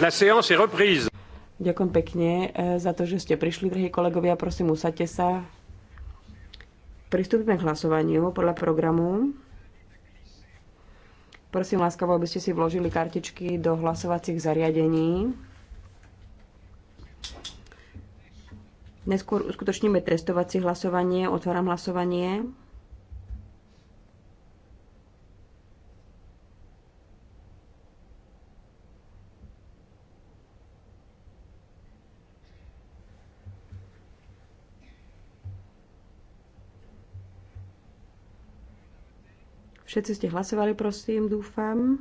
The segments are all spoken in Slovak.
La séance est reprise. Ďakujem pekne e, za to, že ste prišli, drahí kolegovia. Prosím, usadte sa. Pristúpime k hlasovaniu podľa programu. Prosím láskavo, aby ste si vložili kartičky do hlasovacích zariadení. Neskôr uskutočníme testovacie hlasovanie. Otváram hlasovanie. Všetci ste hlasovali, prosím, dúfam.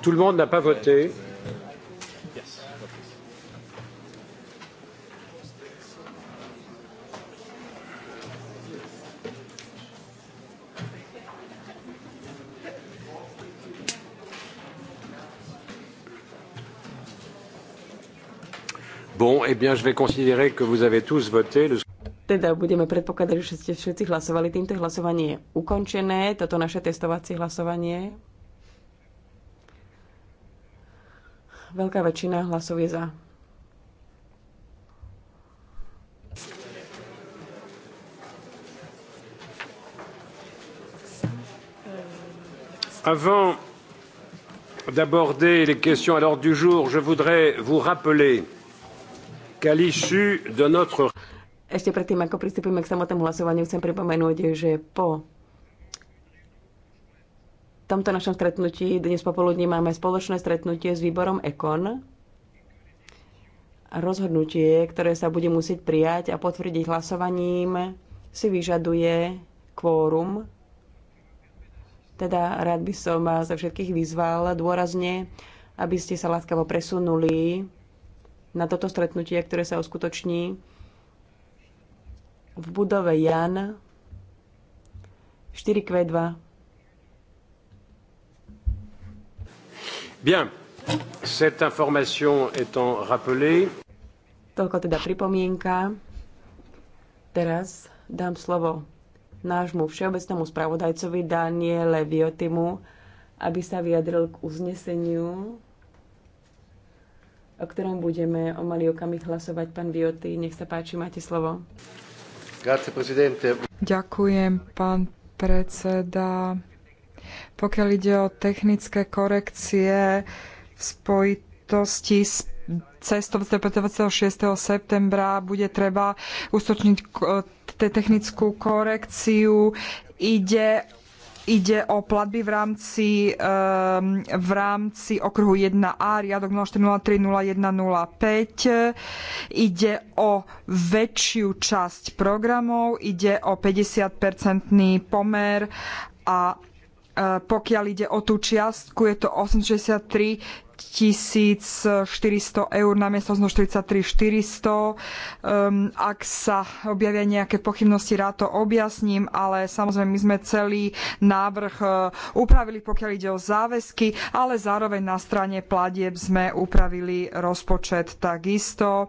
Tout le monde n'a pas voté. Bon, eh bien, je vais considérer que vous avez tous voté. Le... Teda budeme predpokladať, že ste všetci hlasovali. Týmto hlasovanie je ukončené, toto naše testovacie hlasovanie. Veľká väčšina hlasov je za. Avant d'aborder les questions à l'ordre du jour, je voudrais vous rappeler ešte predtým, ako pristúpime k samotnému hlasovaniu, chcem pripomenúť, že po tomto našom stretnutí dnes popoludní máme spoločné stretnutie s výborom EKON rozhodnutie, ktoré sa bude musieť prijať a potvrdiť hlasovaním, si vyžaduje kvórum. Teda rád by som vás všetkých vyzval dôrazne, aby ste sa láskavo presunuli na toto stretnutie, ktoré sa uskutoční v budove Jan 4Q2. Bien. Cette information étant rappelée. Toľko teda pripomienka. Teraz dám slovo nášmu všeobecnému spravodajcovi Daniele Viotimu, aby sa vyjadril k uzneseniu o ktorom budeme o malý okamih hlasovať. Pán Vioty, nech sa páči, máte slovo. Ďakujem, pán predseda. Pokiaľ ide o technické korekcie v spojitosti s cestou 26. septembra bude treba ustočniť technickú korekciu. Ide Ide o platby v rámci, um, v rámci okruhu 1A, riadok 04030105. Ide o väčšiu časť programov, ide o 50-percentný pomer a e, pokiaľ ide o tú čiastku, je to 863 1400 eur na miesto 43 400. Um, ak sa objavia nejaké pochybnosti, rád to objasním, ale samozrejme my sme celý návrh eh, upravili, pokiaľ ide o záväzky, ale zároveň na strane platieb sme upravili rozpočet takisto.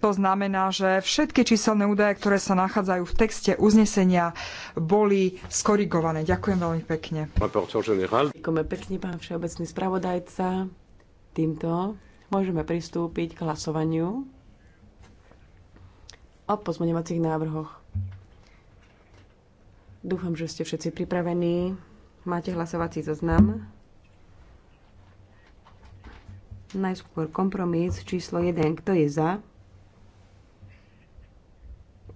To znamená, že všetky číselné údaje, ktoré sa nachádzajú v texte uznesenia, boli skorigované. Ďakujem veľmi pekne. Ďakujeme pekne, pán všeobecný spravodajca. Týmto môžeme pristúpiť k hlasovaniu o pozmeňovacích návrhoch. Dúfam, že ste všetci pripravení. Máte hlasovací zoznam. Najskôr kompromis číslo 1. Kto je za?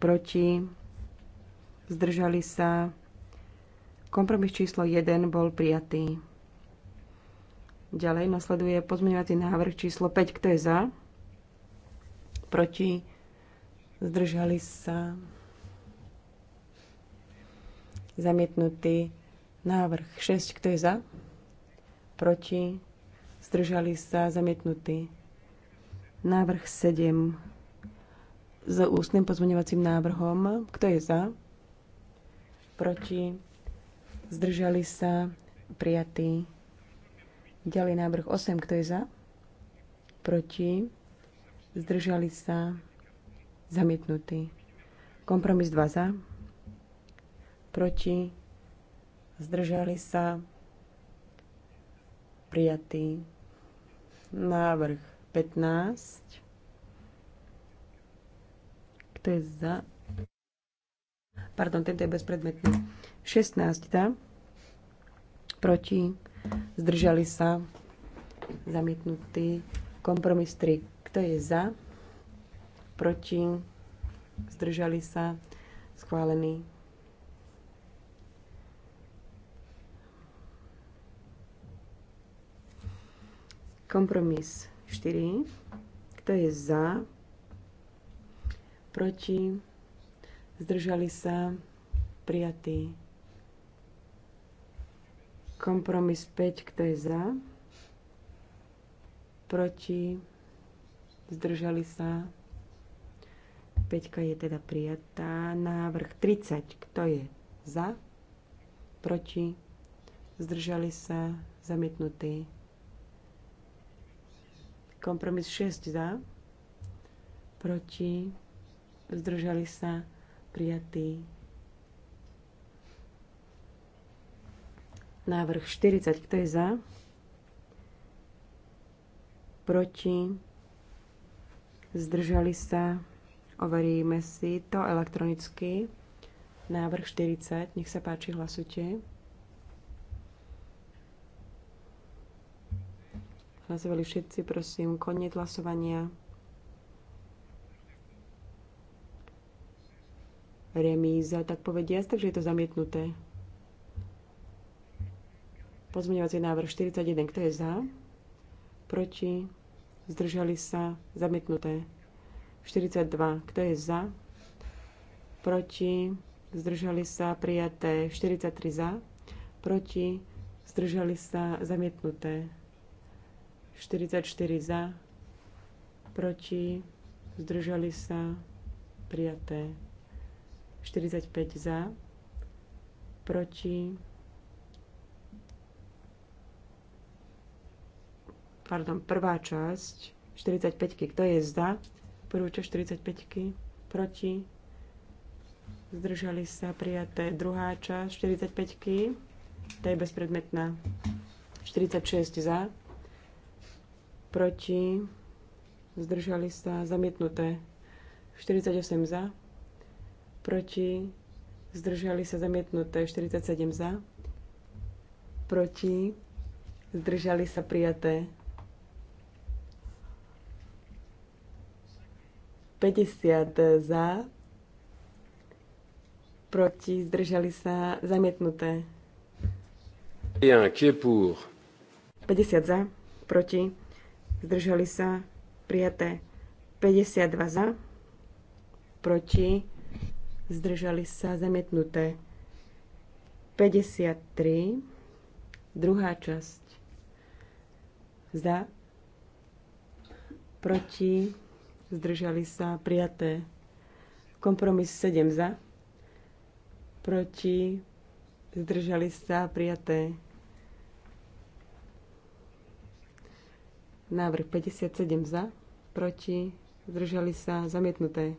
Proti? Zdržali sa? Kompromis číslo 1 bol prijatý. Ďalej nasleduje pozmeňovací návrh číslo 5. Kto je za? Proti? Zdržali sa? Zamietnutý návrh 6. Kto je za? Proti? Zdržali sa? Zamietnutý návrh 7 s ústnym pozmeňovacím návrhom. Kto je za? Proti? Zdržali sa? Prijatý Ďalej návrh 8, kto je za? Proti? Zdržali sa? Zamietnutý. Kompromis 2 za? Proti? Zdržali sa? Prijatý. Návrh 15. Kto je za? Pardon, tento je bezpredmetný. 16 za? Proti? zdržali sa, zamietnutý. Kompromis 3, kto je za, proti, zdržali sa, schválený. Kompromis 4, kto je za, proti, zdržali sa, prijatý. Kompromis 5, kto je za? Proti? Zdržali sa? 5 je teda prijatá. Návrh 30, kto je za? Proti? Zdržali sa? Zamietnutý. Kompromis 6 za. Proti? Zdržali sa? Prijatý. Návrh 40, kto je za? Proti? Zdržali sa? Overíme si to elektronicky. Návrh 40, nech sa páči, hlasujte. Hlasovali všetci, prosím, koniec hlasovania. Remíza, tak povediať, takže je to zamietnuté. Pozmeňovací návrh 41. Kto je za? Proti? Zdržali sa? Zamietnuté. 42. Kto je za? Proti? Zdržali sa? Prijaté. 43 za? Proti? Zdržali sa? Zamietnuté. 44 za? Proti? Zdržali sa? Prijaté. 45 za? Proti? pardon, prvá časť 45-ky. Kto je za? Prvú časť 45-ky. Proti? Zdržali sa prijaté. Druhá časť 45-ky. To je bezpredmetná. 46 za. Proti? Zdržali sa. Zamietnuté. 48 za. Proti? Zdržali sa. Zamietnuté. 47 za. Proti? Zdržali sa prijaté. 50 za, proti, zdržali sa, zamietnuté. 50 za, proti, zdržali sa, prijaté. 52 za, proti, zdržali sa, zamietnuté. 53, druhá časť, za, proti, zdržali sa prijaté. Kompromis 7 za, proti, zdržali sa prijaté. Návrh 57 za, proti, zdržali sa zamietnuté.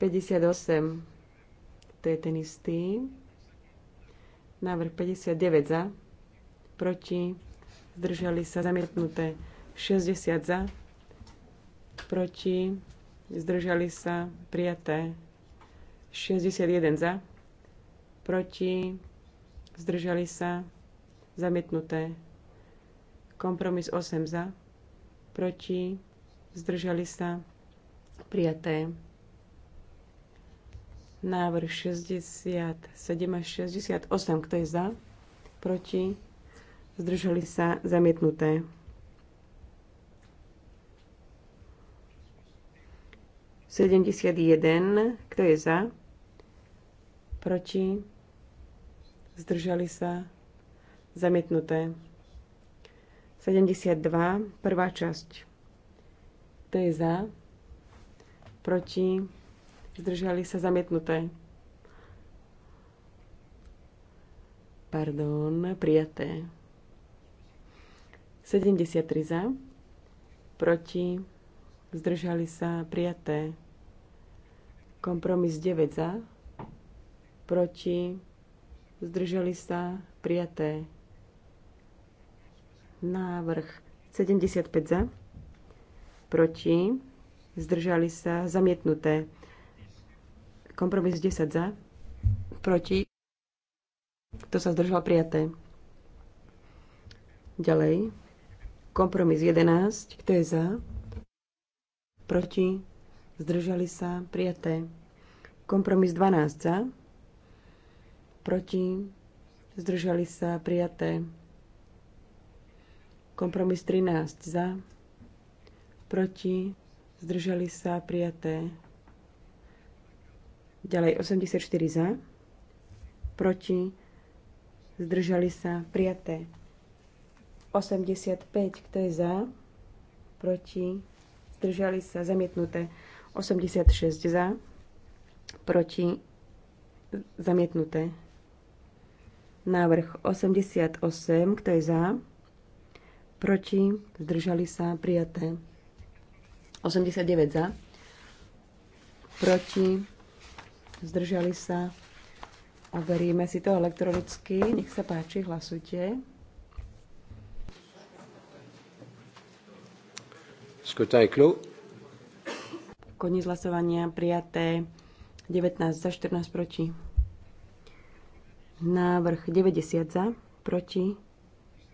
58, to je ten istý. Návrh 59 za, proti, zdržali sa zamietnuté. 60 za, proti, zdržali sa, prijaté. 61 za, proti, zdržali sa, zamietnuté. Kompromis 8 za, proti, zdržali sa, prijaté. Návrh 67 až 68, kto je za, proti, zdržali sa, zamietnuté. 71. Kto je za? Proti? Zdržali sa? Zamietnuté. 72. Prvá časť. Kto je za? Proti? Zdržali sa? Zamietnuté. Pardon, prijaté. 73 za, proti zdržali sa prijaté. Kompromis 9 za, proti, zdržali sa prijaté. Návrh 75 za, proti, zdržali sa zamietnuté. Kompromis 10 za, proti, kto sa zdržal prijaté. Ďalej, kompromis 11, kto je za, proti, zdržali sa, prijaté. Kompromis 12 za, proti, zdržali sa, prijaté. Kompromis 13 za, proti, zdržali sa, prijaté. Ďalej 84 za, proti, zdržali sa, prijaté. 85, kto je za, proti, zdržali sa zamietnuté 86 za, proti zamietnuté. Návrh 88, kto je za, proti zdržali sa prijaté 89 za, proti zdržali sa. Overíme si to elektronicky. Nech sa páči, hlasujte. Scrutin est clos. Koniec hlasovania prijaté 19 za 14 proti. Návrh 90 za proti.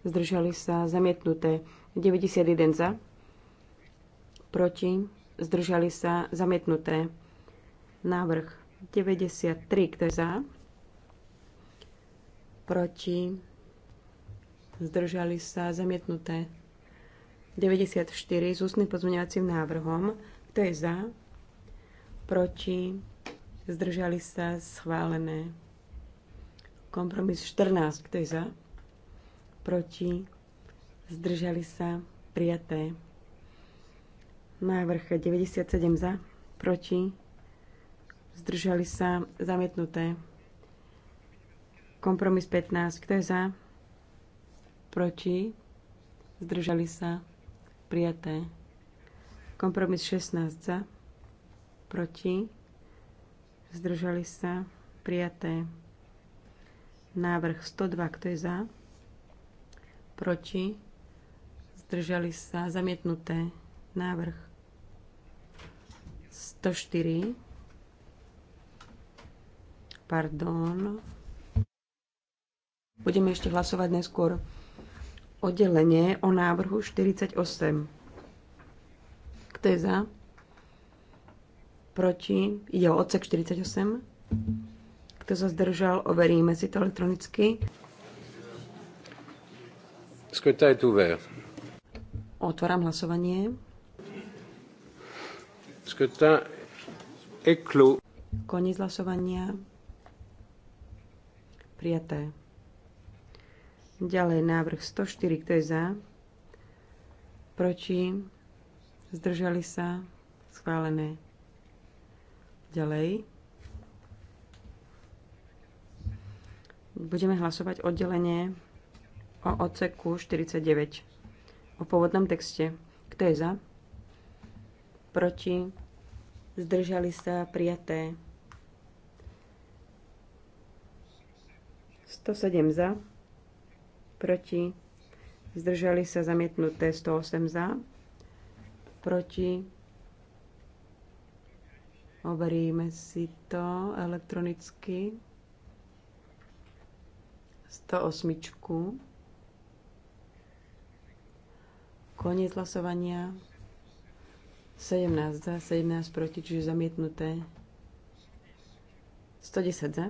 Zdržali sa zamietnuté 91 za proti. Zdržali sa zamietnuté návrh 93, kto je za proti. Zdržali sa zamietnuté 94 s ústnym pozmeňovacím návrhom. Kto je za? Proti? Zdržali sa? Schválené. Kompromis 14. Kto je za? Proti? Zdržali sa? Prijaté. Návrh 97 za? Proti? Zdržali sa? Zamietnuté. Kompromis 15. Kto je za? Proti? Zdržali sa? prijaté. Kompromis 16 za, proti, zdržali sa, prijaté. Návrh 102, kto je za, proti, zdržali sa, zamietnuté. Návrh 104, pardon. Budeme ešte hlasovať neskôr oddelenie o návrhu 48. Kto je za? Proti? Ide o odsek 48. Kto sa zdržal, overíme si to elektronicky. Skutá je tu ver. Otváram hlasovanie. Skutá je klu. Koniec hlasovania. Prijaté. Ďalej návrh 104, kto je za? Proti? Zdržali sa? Schválené. Ďalej. Budeme hlasovať oddelenie o odseku 49. O pôvodnom texte. Kto je za? Proti? Zdržali sa? Prijaté. 107 za proti, zdržali sa zamietnuté 108 za, proti, overíme si to elektronicky, 108. Koniec hlasovania. 17 za, 17 proti, čiže zamietnuté. 110 za.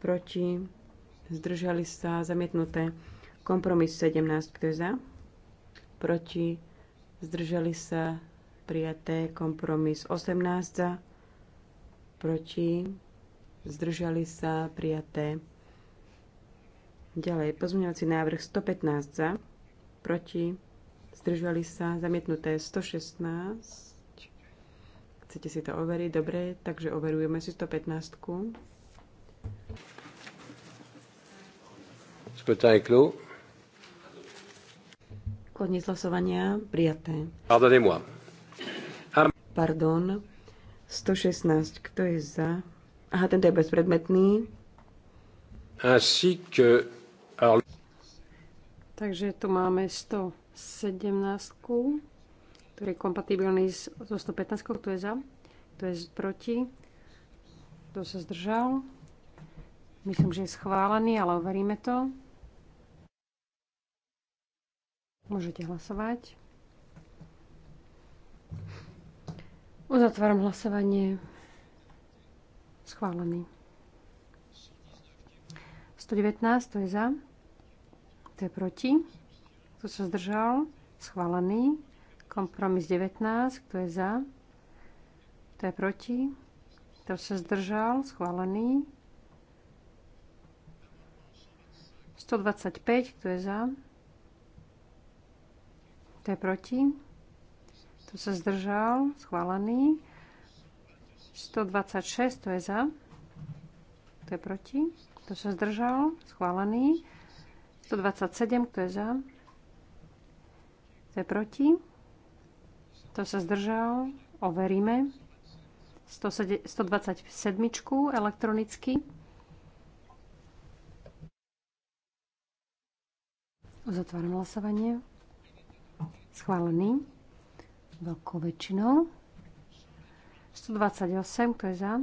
Proti zdržali sa, zamietnuté. Kompromis 17, kto je za? Proti, zdržali sa, prijaté. Kompromis 18 za, proti, zdržali sa, prijaté. Ďalej, pozmeňovací návrh 115 za, proti, zdržali sa, zamietnuté 116. Chcete si to overiť? Dobre, takže overujeme si 115. -ku. Koniec hlasovania prijaté. Pardon. 116. Kto je za? Aha, tento je bezpredmetný. Ainsi que... Takže tu máme 117, ktorý je kompatibilný so 115, kto je za, kto je proti, kto sa zdržal. Myslím, že je schválený, ale overíme to. Môžete hlasovať. Uzatváram hlasovanie. Schválený. 119, to je za. To je proti. Kto sa zdržal? Schválený. Kompromis 19, kto je za? To je proti. Kto sa zdržal? Schválený. 125, kto je za? To je proti. Tu sa zdržal. Schválený. 126. To je za. To je proti. To sa zdržal. Schválený. 127. To je za? To je proti. To sa zdržal. Overíme. 127. elektronicky. Uzatváram hlasovanie. Schválený. Veľkou väčšinou. 128, kto je za?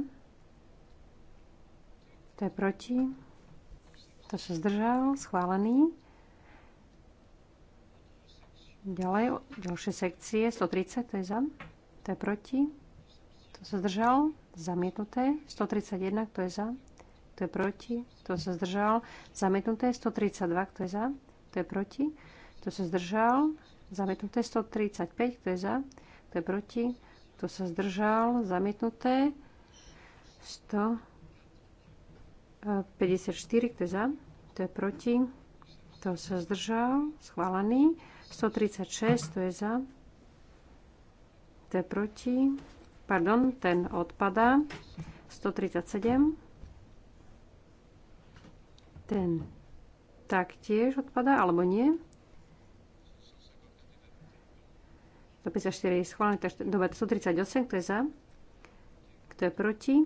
Kto je proti? Kto sa zdržal? Schválený. Ďalej, ďalšie sekcie. 130, to je za? To je proti? To sa zdržal? Zamietnuté. 131, kto je za? To je proti? To sa zdržal? Zamietnuté. 132, kto je za? To je proti? To sa zdržal? zamietnuté 135, kto je za, kto je proti, kto sa zdržal, zamietnuté 154, e, kto je za, kto je proti, kto sa zdržal, schválený 136, kto je za, kto je proti, pardon, ten odpadá 137, ten taktiež odpadá, alebo nie. 154 je schválený, takže dobre, 138, kto je za? Kto je proti?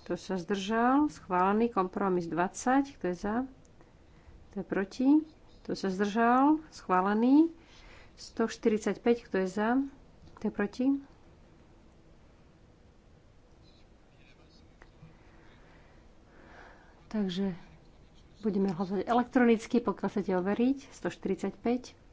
Kto sa zdržal? Schválený kompromis 20, kto je za? Kto je proti? Kto sa zdržal? Schválený. 145, kto je za? Kto je proti? Takže budeme hlasovať elektronicky, pokiaľ chcete overiť. 145.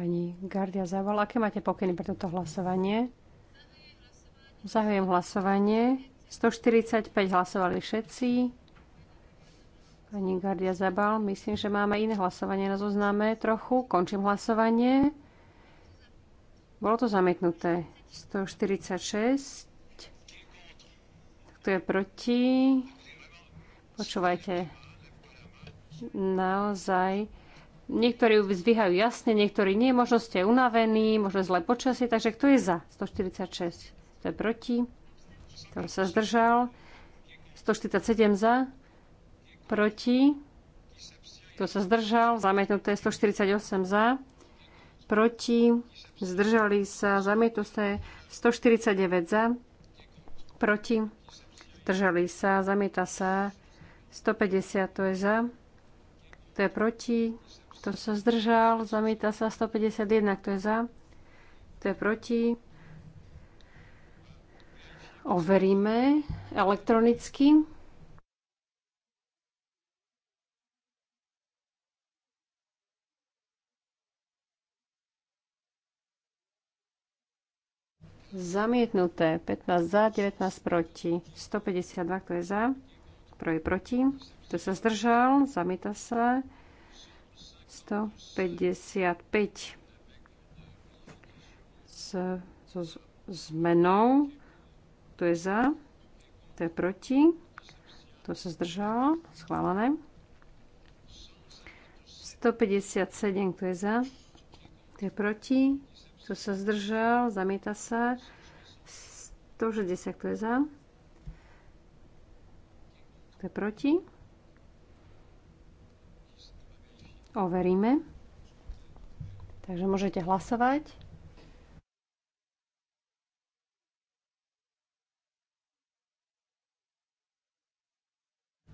Pani Gardia Zaval, aké máte pokyny pre toto hlasovanie? Zahujem hlasovanie. 145 hlasovali všetci. Pani Gardia Zabal, myslím, že máme iné hlasovanie na zozname trochu. Končím hlasovanie. Bolo to zamietnuté. 146. Kto je proti? Počúvajte. Naozaj Niektorí ju zvyhajú jasne, niektorí nie. Možno ste unavení, možno zle počasie. Takže kto je za 146? to je proti? Kto sa zdržal? 147 za, proti, kto sa zdržal, zamietnuté 148 za, proti, zdržali sa, zamietnuté 149 za, proti, zdržali sa, zamieta sa 150, to je za, to je proti, kto sa zdržal? Zamieta sa 151. Kto je za? Kto je proti? Overíme elektronicky. Zamietnuté. 15 za, 19 proti. 152, kto je za? Kto je proti. Kto sa zdržal? Zamieta sa. 155 s, so zmenou. To je za, to je proti, to sa zdržalo, schválené. 157, to je za, to je proti, to sa zdržal, zamieta sa. 160, kto je za, to je proti. overíme. Takže môžete hlasovať.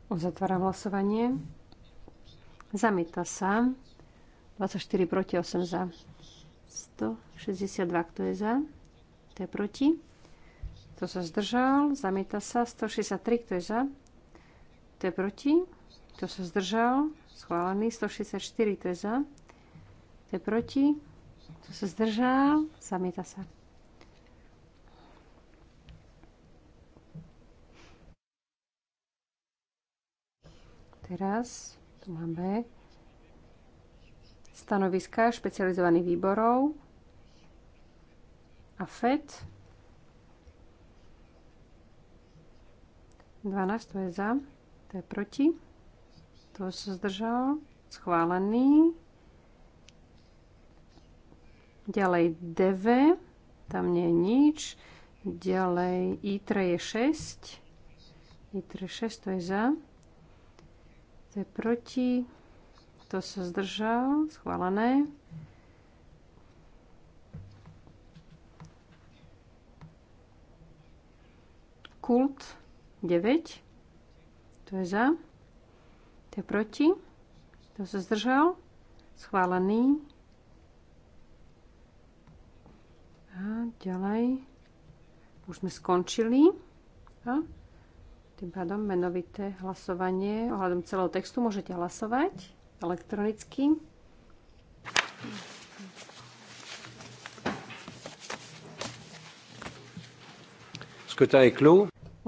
Uzatváram hlasovanie. Zamieta sa. 24 proti 8 za. 162, kto je za? To je proti? To sa zdržal? Zamieta sa. 163, kto je za? To je proti? Kto sa zdržal? schválený. 164, to je za, to je proti, to sa zdržal, zamieta sa. Teraz tu máme stanoviska špecializovaných výborov a FED. 12 to je za, to je proti. Kto sa zdržal? Schválený. Ďalej DV, tam nie je nič. Ďalej I3 je 6. je 6, to je za. To je proti. To sa zdržal. Schválené. Kult 9. To je za. Kto je proti? Kto sa zdržal? Schválený. A ďalej. Už sme skončili. A tým pádom menovité hlasovanie ohľadom celého textu môžete hlasovať elektronicky.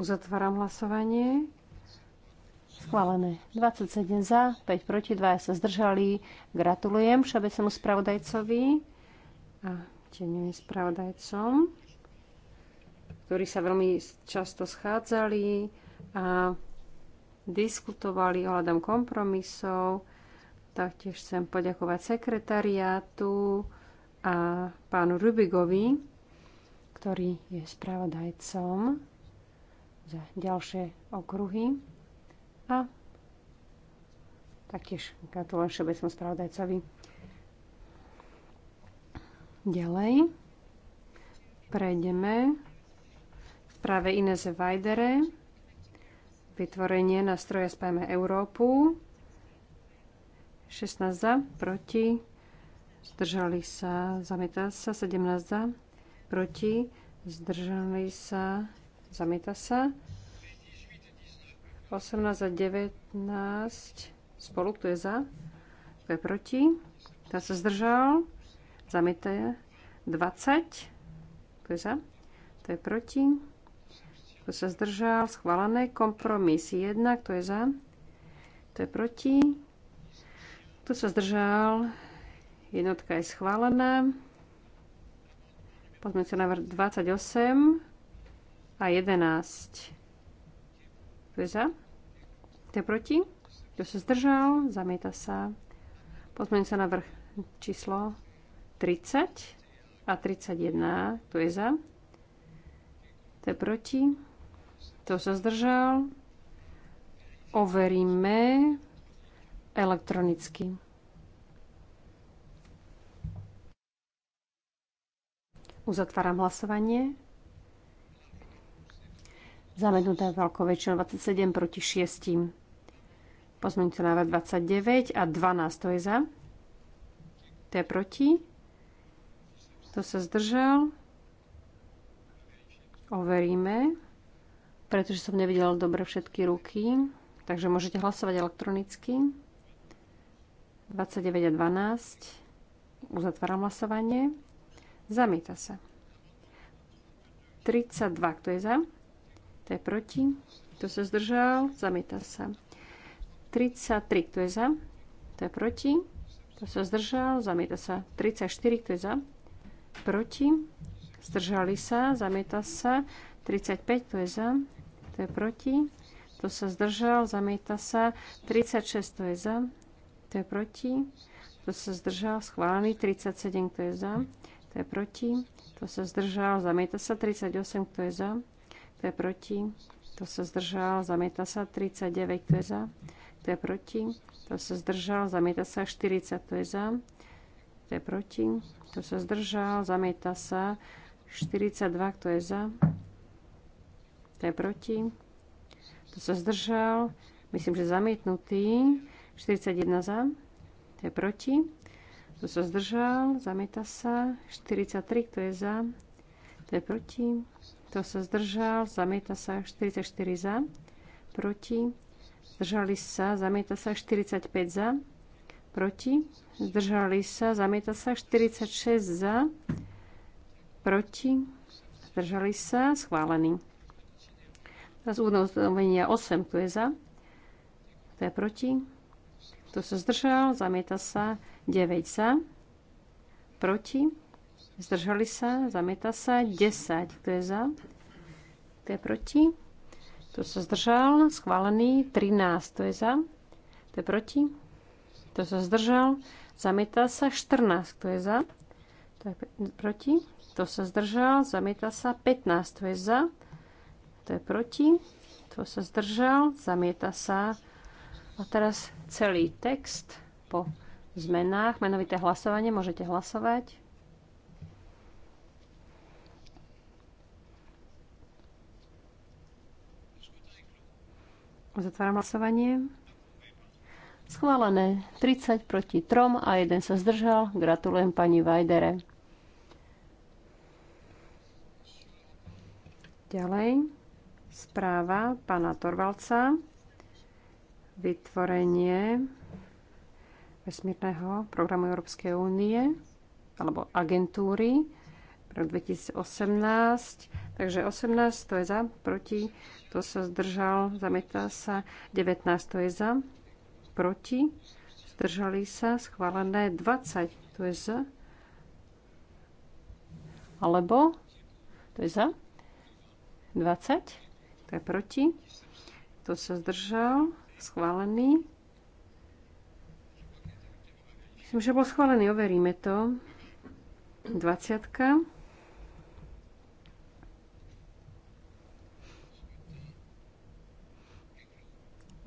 Uzatváram hlasovanie. Schválené. 27 za, 5 proti, 2 sa zdržali. Gratulujem všeobecnému spravodajcovi a tieňovým spravodajcom, ktorí sa veľmi často schádzali a diskutovali ohľadom kompromisov. Taktiež chcem poďakovať sekretariátu a pánu Rubigovi, ktorý je spravodajcom za ďalšie okruhy. A taktiež gratulujem všeobecnú spravodajcovi. Ďalej prejdeme v práve Ineze Vajdere vytvorenie nástroja Spajme Európu 16 za, proti zdržali sa, zamieta sa 17 za, proti zdržali sa, zamieta sa 18 a 19 spolu, kto je za, kto je proti, kto sa zdržal, je 20, kto je za, kto je proti, kto sa zdržal, schválené, kompromis 1, kto je za, kto je proti, kto sa zdržal, jednotka je schválená, pozmeňujúci návrh 28 a 11. Kto je za? Kto je proti? Kto sa zdržal? Zamieta sa. Pozmeň sa na vrch číslo 30 a 31. Kto je za? Kto je proti? Kto sa zdržal? Overíme elektronicky. Uzatváram hlasovanie. Zamenuté veľkou väčšinou 27 proti 6. Pozmeňujúci návrh 29 a 12 to je za. To je proti. To sa zdržal. Overíme, pretože som nevidela dobre všetky ruky. Takže môžete hlasovať elektronicky. 29 a 12. Uzatváram hlasovanie. Zamieta sa. 32, kto je za? To je proti? Kto sa zdržal? Zamieta sa. 33. Kto je za? to je proti? to sa zdržal? Zamieta sa. 34. Kto je za? Proti? Zdržali sa? Zamieta sa. 35. Kto je za? to je proti? to sa zdržal? Zamieta sa. 36. to je za? to je proti? to sa zdržal? Schválený. 37. Kto je za? to je proti? to sa zdržal? Zamieta sa. 38. Kto je za? kto je proti, kto sa zdržal, zamieta sa 39, kto je za, kto je proti, kto sa zdržal, zamieta sa 40, kto je za, kto je proti, kto sa zdržal, zamieta sa 42, kto je za, kto je proti, kto sa zdržal, myslím, že zamietnutý, 41 za, kto je proti, kto sa zdržal, zamieta sa, 43, kto je za, kto je proti, kto sa zdržal? Zamieta sa 44 za. Proti. Zdržali sa. Zamieta sa 45 za. Proti. Zdržali sa. Zamieta sa 46 za. Proti. Zdržali sa. Schválený. Teraz úvodné ustanovenia 8. Kto je za? Kto je proti? Kto sa zdržal? Zamieta sa 9 za. Proti Zdržali sa, zamieta sa. 10, kto je za? Kto je proti? Kto sa zdržal? Schválený. 13, kto je za? Kto je proti? Kto sa zdržal? Zamieta sa. 14, kto je za? Kto je proti? Kto sa zdržal? Zamieta sa. 15, kto je za? Kto je proti? Kto sa zdržal? Zamieta sa. A teraz celý text po zmenách. Menovité hlasovanie. Môžete hlasovať. Zatváram hlasovanie. Schválené 30 proti 3 a jeden sa zdržal. Gratulujem pani Vajdere. Ďalej správa pána Torvalca vytvorenie vesmírneho programu Európskej únie alebo agentúry 2018. Takže 18 to je za, proti, to sa zdržal, zamietá sa. 19 to je za, proti, zdržali sa, schválené. 20 to je za, alebo to je za, 20, to je proti, to sa zdržal, schválený. Myslím, že bol schválený, overíme to. 20.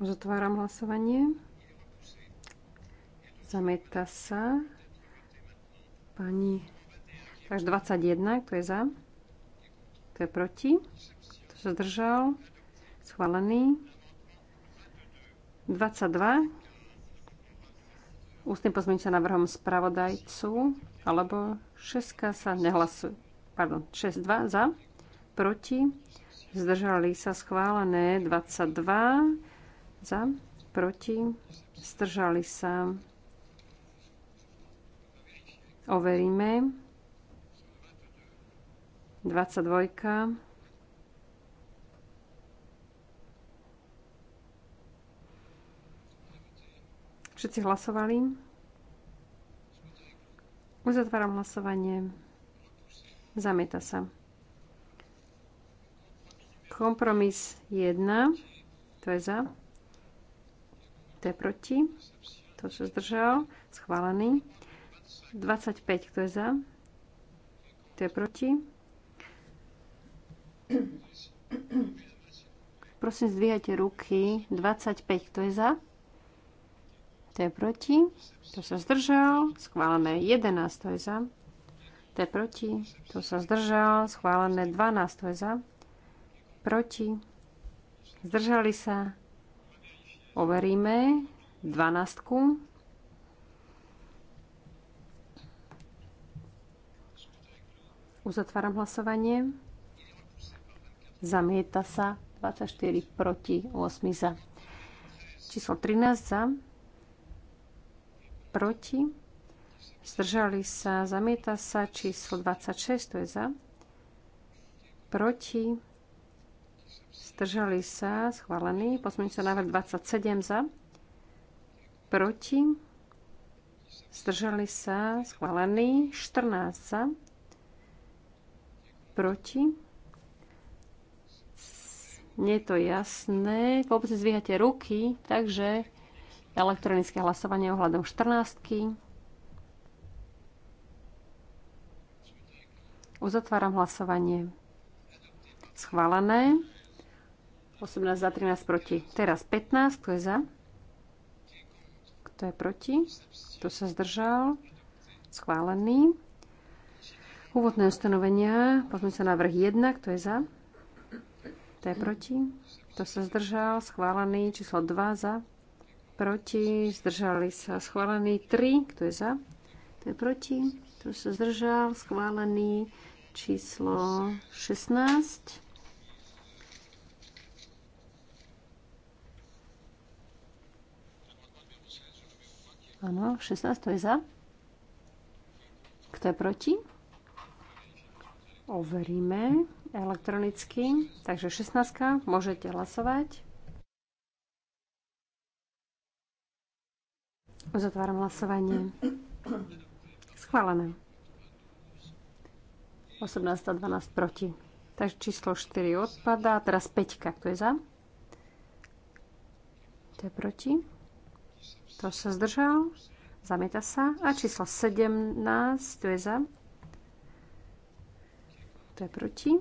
Uzatváram hlasovanie. Zameta sa. Pani. Takže 21, kto je za? Kto je proti? Kto sa zdržal? Schválený. 22. Ústnym pozmeňujúcim návrhom spravodajcu. Alebo 6 sa nehlasuje. Pardon, 6-2 za. Proti. Zdržali sa schválené 22. Za, proti, zdržali sa. Overíme. 22. Všetci hlasovali? Uzatváram hlasovanie. Zamieta sa. Kompromis 1. To je za. Kto je proti? Kto sa zdržal? Schválený. 25. Kto je za? Kto je proti? Prosím, zdvíhajte ruky. 25. Kto je za? Kto je proti? Kto sa zdržal? Schválené. 11. Kto je za? Kto je proti? Kto sa zdržal? Schválené. 12. Kto je za? Proti? Zdržali sa? Overíme 12. Uzatváram hlasovanie. Zamieta sa 24 proti 8 za. Číslo 13 za. Proti. Zdržali sa. Zamieta sa číslo 26, to je za. Proti Zdržali sa. Schválený. Pozmeňujúci návrh 27 za. Proti. Zdržali sa. Schválený. 14 za. Proti. Nie je to jasné. Vôbec zvíhate ruky, takže elektronické hlasovanie ohľadom 14. Uzatváram hlasovanie. Schválené. 18 za, 13 proti. Teraz 15, kto je za? Kto je proti? Kto sa zdržal? Schválený. Úvodné ustanovenia. Poďme sa návrh 1, kto je za? Kto je proti? Kto sa zdržal? Schválený. Číslo 2 za. Proti. Zdržali sa. Schválený. 3, kto je za? Kto je proti? Kto sa zdržal? Schválený. Číslo 16. Áno, 16 to je za. Kto je proti? Overíme elektronicky. Takže 16 môžete hlasovať. Uzatváram hlasovanie. Schválené. 18 a 12 proti. Takže číslo 4 odpadá. Teraz 5. Kto je za? Kto je proti. Kto sa zdržal? Zamieta sa. A číslo 17, to je za. To je proti.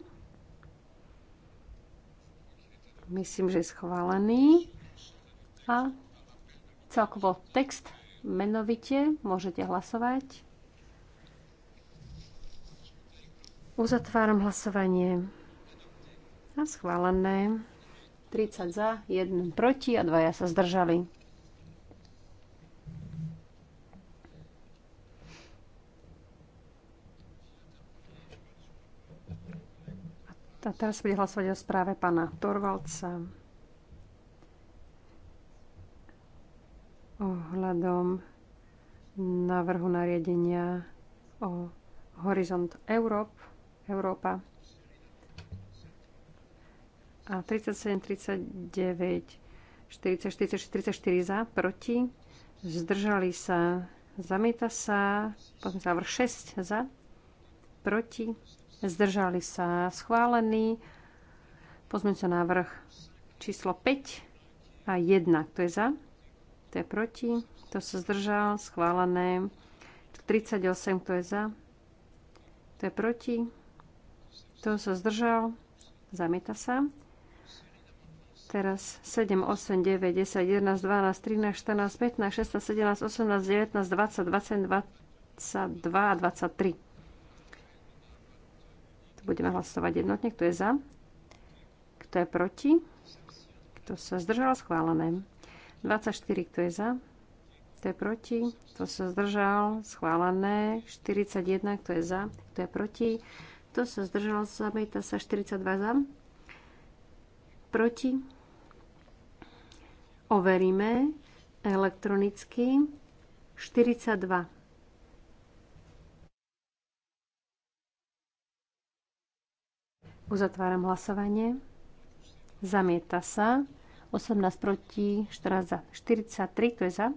Myslím, že je schválený. A celkovo text menovite môžete hlasovať. Uzatváram hlasovanie. A schválené. 30 za, 1 proti a dvaja sa zdržali. A teraz bude hlasovať o správe pána Torvalca ohľadom návrhu nariadenia o Horizont Európ, Európa a 37, 39, 40, 44, 44 za, proti, zdržali sa, zamieta sa, potom návrh 6 za, proti, zdržali sa schválení. Pozmeň sa návrh číslo 5 a 1, kto je za, kto je proti, kto sa zdržal, schválené. 38, kto je za, kto je proti, kto sa zdržal, zamieta sa. Teraz 7, 8, 9, 10, 11, 12, 13, 14, 15, 16, 17, 18, 19, 20, 21, 22 a 23. Budeme hlasovať jednotne, kto je za, kto je proti, kto sa zdržal, schválené. 24, kto je za, kto je proti, kto sa zdržal, schválené. 41, kto je za, kto je proti, kto sa zdržal, zamieta sa. 42 za, proti. Overíme elektronicky. 42. Uzatváram hlasovanie. Zamieta sa. 18 proti, 14 za. 43, kto je za?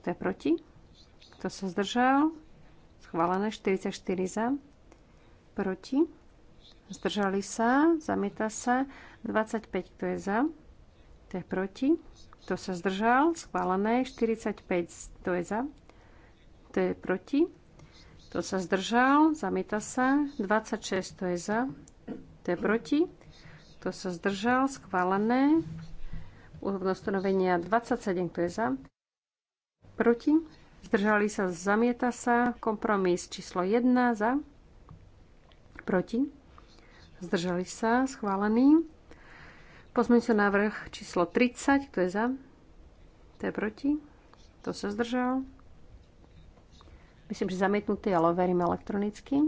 Kto je proti? Kto sa zdržal? Schválené 44 za. Proti. Zdržali sa. Zamieta sa. 25, kto je za? Kto je proti? Kto sa zdržal? Schválené 45, kto je za? Kto je proti? To sa zdržal? Zamieta sa. 26. To je za. To je proti. to sa zdržal? Schválené. Úrovno stanovenia 27. Kto je za? Proti. Zdržali sa. Zamieta sa. Kompromis číslo 1. Za. Proti. Zdržali sa. Schválený. sa návrh číslo 30. Kto je za? To je proti. To sa zdržal. Myslím, že zamietnutý, ale overím elektronicky.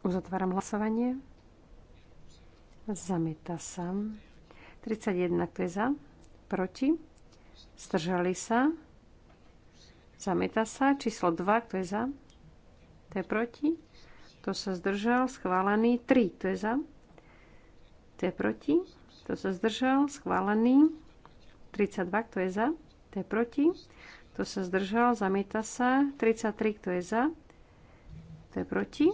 Uzatváram hlasovanie. Zamieta sa. 31, kto je za? Proti? Zdržali sa? Zamieta sa. Číslo 2, kto je za? To je proti? to sa zdržal? Schválený. 3, kto je za? To je proti? Kto sa zdržal? Schválený. 32. Kto je za? Kto je proti? Kto sa zdržal? Zamieta sa. 33. Kto je za? Kto je proti?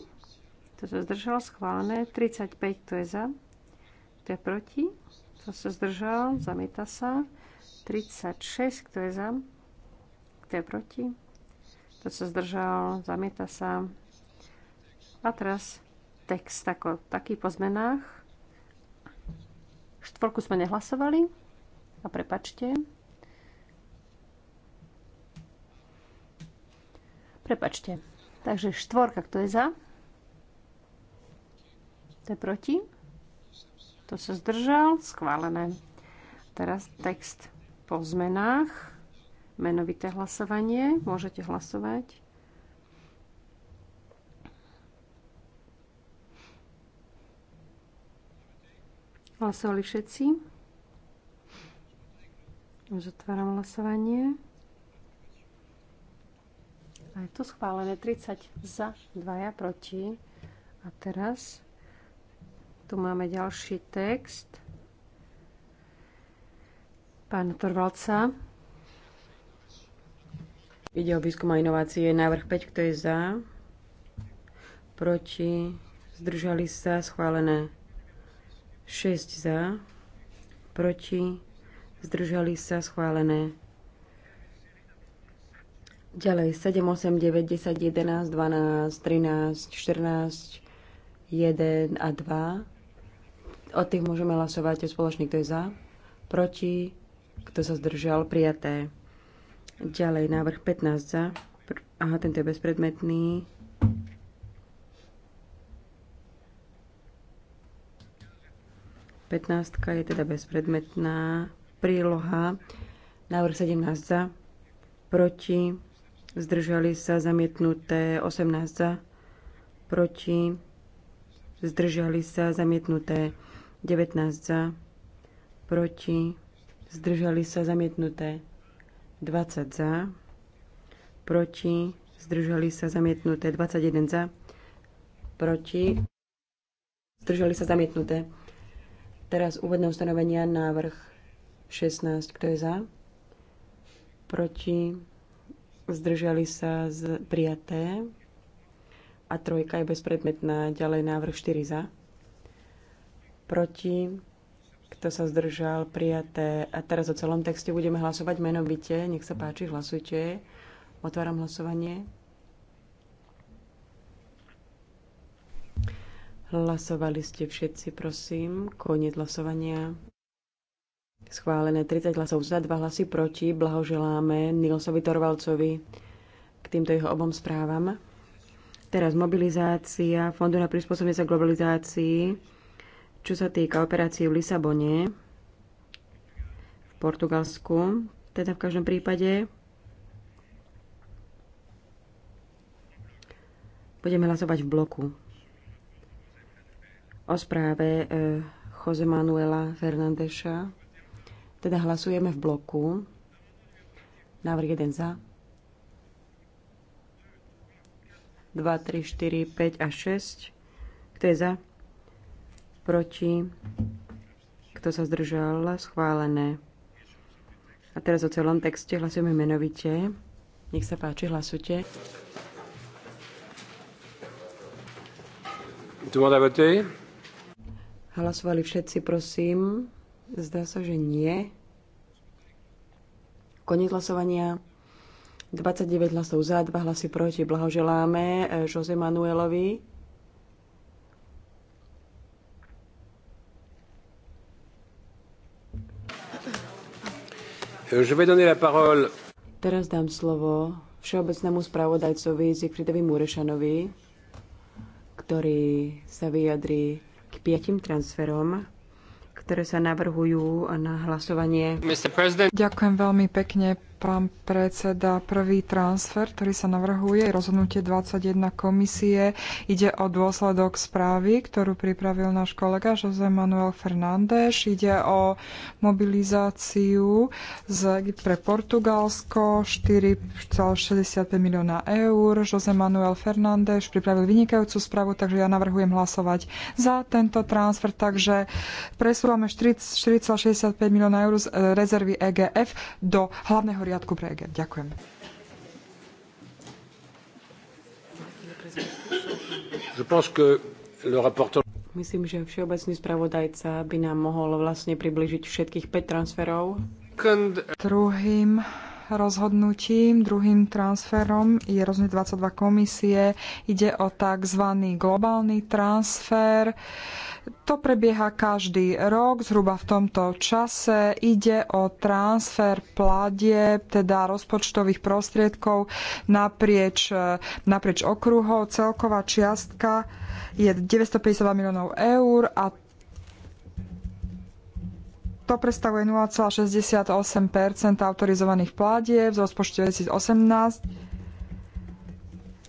Kto sa zdržal? Schválené. 35. Kto je za? Kto je proti? Kto sa zdržal? Zamieta sa. 36. Kto je za? Kto je proti? Kto sa zdržal? Zamieta sa. A teraz text ako taký po zmenách. Štvorku sme nehlasovali. A prepačte. Prepačte. Takže štvorka, kto je za? To je proti? To sa zdržal? Schválené. Teraz text po zmenách. Menovité hlasovanie. Môžete hlasovať. Hlasovali všetci. Už otváram hlasovanie. A je to schválené 30 za, 2 proti. A teraz tu máme ďalší text. Pán Torvalca. Ide o výskum a inovácie. Návrh 5, kto je za? Proti? Zdržali sa? Schválené. 6 za, proti, zdržali sa schválené. Ďalej 7, 8, 9, 10, 11, 12, 13, 14, 1 a 2. O tých môžeme hlasovať spoločný, kto je za, proti, kto sa zdržal, prijaté. Ďalej návrh 15 za. Aha, tento je bezpredmetný. 15 je teda bezpredmetná. Príloha. Návrh 17 za. Proti. Zdržali sa zamietnuté 18 za. Proti. Zdržali sa zamietnuté 19 za. Proti. Zdržali sa zamietnuté 20 za. Proti. Zdržali sa zamietnuté 21 za. Proti. Zdržali sa zamietnuté Teraz úvodné ustanovenia, návrh 16. Kto je za? Proti? Zdržali sa z prijaté. A trojka je bezpredmetná. Ďalej návrh 4 za. Proti? Kto sa zdržal? Prijaté. A teraz o celom texte budeme hlasovať menovite. Nech sa páči, hlasujte. Otváram hlasovanie. Hlasovali ste všetci, prosím. Koniec hlasovania. Schválené 30 hlasov za, 2 hlasy proti. Blahoželáme Nilsovi Torvalcovi k týmto jeho obom správam. Teraz mobilizácia Fondu na prispôsobenie sa globalizácii, čo sa týka operácií v Lisabone, v Portugalsku. Teda v každom prípade budeme hlasovať v bloku o správe e, Jose Manuela Fernandeša. Teda hlasujeme v bloku. Návrh 1 za. 2, 3, 4, 5 a 6. Kto je za? Proti? Kto sa zdržal? Schválené. A teraz o celom texte hlasujeme menovite. Nech sa páči, hlasujte. Tout le monde a voté Hlasovali všetci, prosím. Zdá sa, že nie. Koniec hlasovania. 29 hlasov za, 2 hlasy proti. Blahoželáme eh, Jose Manuelovi. Euh, je vais donner la parole. Teraz dám slovo všeobecnému spravodajcovi Zikridovi Murešanovi, ktorý sa vyjadrí k piatim transferom, ktoré sa navrhujú na hlasovanie. Ďakujem veľmi pekne, pán predseda. Prvý transfer, ktorý sa navrhuje, rozhodnutie 21 komisie, ide o dôsledok správy, ktorú pripravil náš kolega Jose Manuel Fernández. Ide o mobilizáciu z, pre Portugalsko 4,65 milióna eur. Jose Manuel Fernández pripravil vynikajúcu správu, takže ja navrhujem hlasovať za tento transfer. Takže presúvame 4,65 milióna eur z eh, rezervy EGF do hlavného poriadku pre EGF. Ďakujem. Myslím, že všeobecný spravodajca by nám mohol vlastne približiť všetkých 5 transferov. Druhým rozhodnutím, druhým transferom je rozhodnutie 22 komisie. Ide o tzv. globálny transfer. To prebieha každý rok, zhruba v tomto čase. Ide o transfer pladie, teda rozpočtových prostriedkov naprieč, naprieč okruhov. Celková čiastka je 952 miliónov eur a to predstavuje 0,68 autorizovaných pládieb z rozpočtu 2018.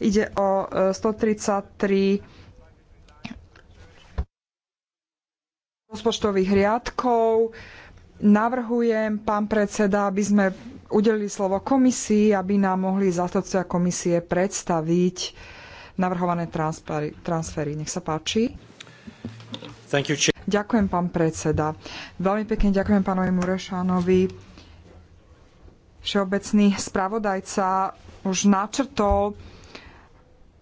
Ide o 133 e, rozpočtových riadkov. Navrhujem, pán predseda, aby sme udelili slovo komisii, aby nám mohli zástupcovia komisie predstaviť navrhované transfery. Nech sa páči. Thank you, Ďakujem, pán predseda. Veľmi pekne ďakujem pánovi Murešanovi. Všeobecný spravodajca už načrtol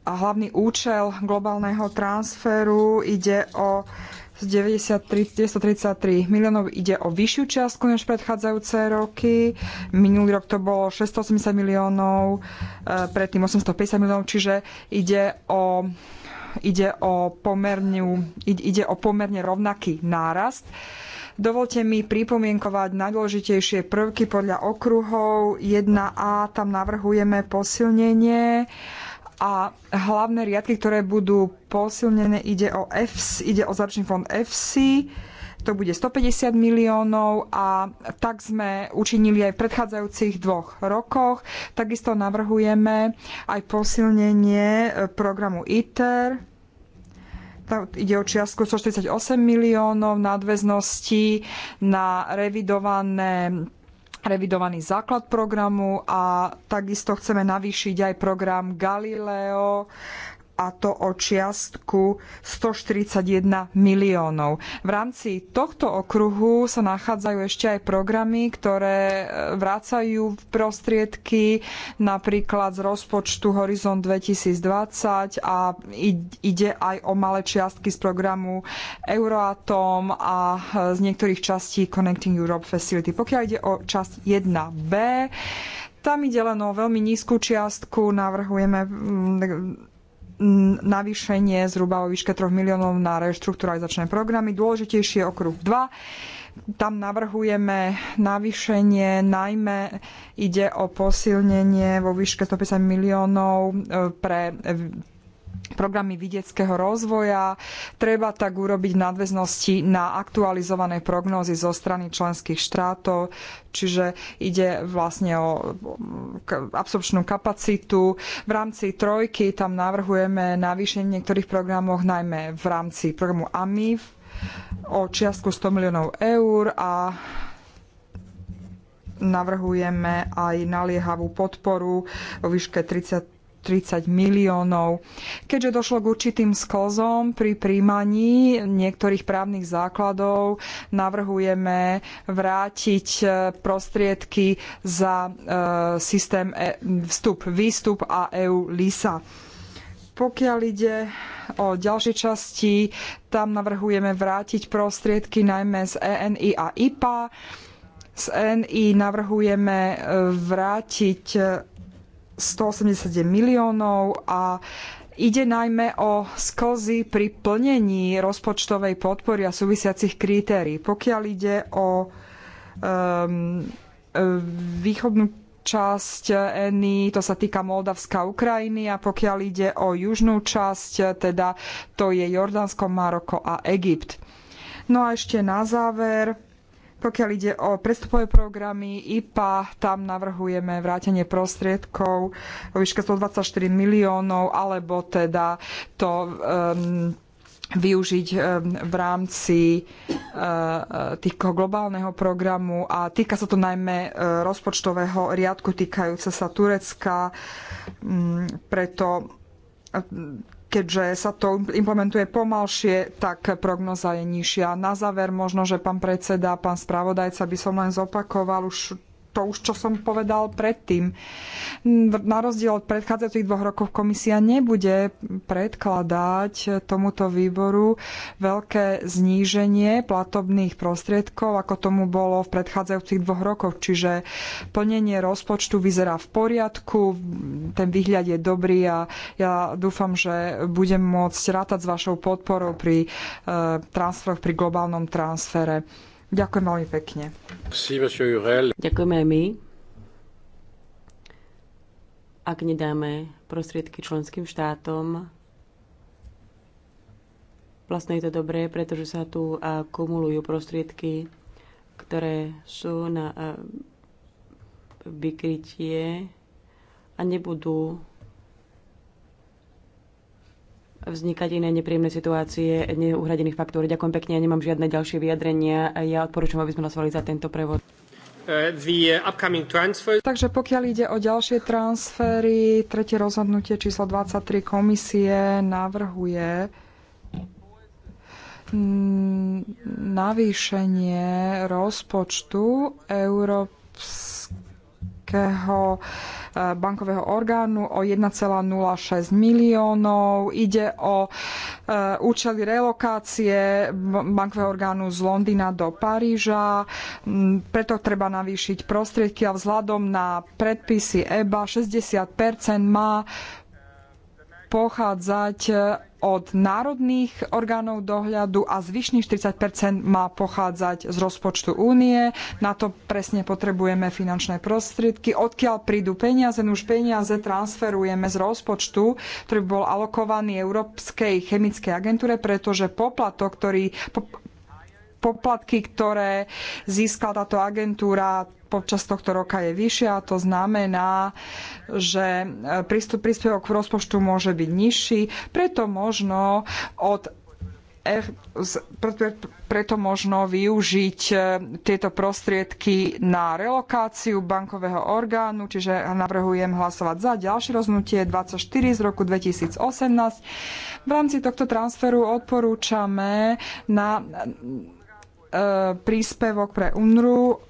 a hlavný účel globálneho transferu ide o z miliónov ide o vyššiu čiastku než predchádzajúce roky. Minulý rok to bolo 680 miliónov, eh, predtým 850 miliónov, čiže ide o ide o, pomerne, ide o pomerne rovnaký nárast. Dovolte mi pripomienkovať najdôležitejšie prvky podľa okruhov. 1a, tam navrhujeme posilnenie a hlavné riadky, ktoré budú posilnené, ide o, FC, ide o začný fond FC to bude 150 miliónov a tak sme učinili aj v predchádzajúcich dvoch rokoch. Takisto navrhujeme aj posilnenie e, programu ITER, ide o čiastku 148 miliónov nadväznosti na revidované revidovaný základ programu a takisto chceme navýšiť aj program Galileo a to o čiastku 141 miliónov. V rámci tohto okruhu sa nachádzajú ešte aj programy, ktoré e, vracajú prostriedky napríklad z rozpočtu Horizon 2020 a ide aj o malé čiastky z programu Euroatom a e, z niektorých častí Connecting Europe Facility. Pokiaľ ide o časť 1b, tam ide len o veľmi nízku čiastku, navrhujeme navýšenie zhruba o výške 3 miliónov na reštrukturalizačné programy. Dôležitejšie je okruh 2. Tam navrhujeme navýšenie, najmä ide o posilnenie vo výške 150 miliónov e, pre programy vidieckého rozvoja. Treba tak urobiť nadväznosti na aktualizované prognózy zo strany členských štátov, čiže ide vlastne o absorpčnú kapacitu. V rámci trojky tam navrhujeme navýšenie niektorých programoch, najmä v rámci programu AMIF o čiastku 100 miliónov eur a navrhujeme aj naliehavú podporu o výške 30 30 miliónov. Keďže došlo k určitým sklzom pri príjmaní niektorých právnych základov, navrhujeme vrátiť e, prostriedky za e, systém e, vstup, výstup a EU LISA. Pokiaľ ide o ďalšie časti, tam navrhujeme vrátiť prostriedky najmä z ENI a IPA. Z ENI navrhujeme vrátiť 187 miliónov a Ide najmä o sklzy pri plnení rozpočtovej podpory a súvisiacich kritérií. Pokiaľ ide o um, východnú časť ENI, to sa týka Moldavska a Ukrajiny a pokiaľ ide o južnú časť, teda to je Jordánsko, Maroko a Egypt. No a ešte na záver, pokiaľ ide o prestupové programy IPA, tam navrhujeme vrátenie prostriedkov vo výške 124 miliónov, alebo teda to um, využiť ehm, v rámci ehm, týchto globálneho programu a týka sa to najmä rozpočtového riadku týkajúce sa Turecka, mm, preto keďže sa to implementuje pomalšie, tak prognoza je nižšia. Na záver možno, že pán predseda, pán spravodajca by som len zopakoval už to už, čo som povedal predtým. Na rozdiel od predchádzajúcich dvoch rokov komisia nebude predkladať tomuto výboru veľké zníženie platobných prostriedkov, ako tomu bolo v predchádzajúcich dvoch rokoch. Čiže plnenie rozpočtu vyzerá v poriadku, ten výhľad je dobrý a ja dúfam, že budem môcť rátať s vašou podporou pri eh, transferoch, pri globálnom transfere. Ďakujem veľmi pekne. Ďakujeme aj my. Ak nedáme prostriedky členským štátom, vlastne je to dobré, pretože sa tu kumulujú prostriedky, ktoré sú na vykrytie a nebudú vznikať iné nepríjemné situácie neuhradených faktúr. Ďakujem pekne, ja nemám žiadne ďalšie vyjadrenia. Ja odporúčam, aby sme hlasovali za tento prevod. Uh, Takže pokiaľ ide o ďalšie transfery, tretie rozhodnutie číslo 23 komisie navrhuje navýšenie rozpočtu Európskej Európskeho e, bankového orgánu o 1,06 miliónov. Ide o e, účely relokácie bankového orgánu z Londýna do Paríža. Preto treba navýšiť prostriedky a vzhľadom na predpisy EBA 60 má pochádzať od národných orgánov dohľadu a zvyšných 40 má pochádzať z rozpočtu únie. Na to presne potrebujeme finančné prostriedky. Odkiaľ prídu peniaze, no už peniaze transferujeme z rozpočtu, ktorý bol alokovaný Európskej chemickej agentúre, pretože poplatok, ktorý poplatky, ktoré získala táto agentúra, počas tohto roka je vyššia. To znamená, že e, prístup príspevok k rozpočtu môže byť nižší. Preto možno od preto možno využiť e, tieto prostriedky na relokáciu bankového orgánu, čiže navrhujem hlasovať za ďalšie roznutie 24 z roku 2018. V rámci tohto transferu odporúčame na e, príspevok pre UNRU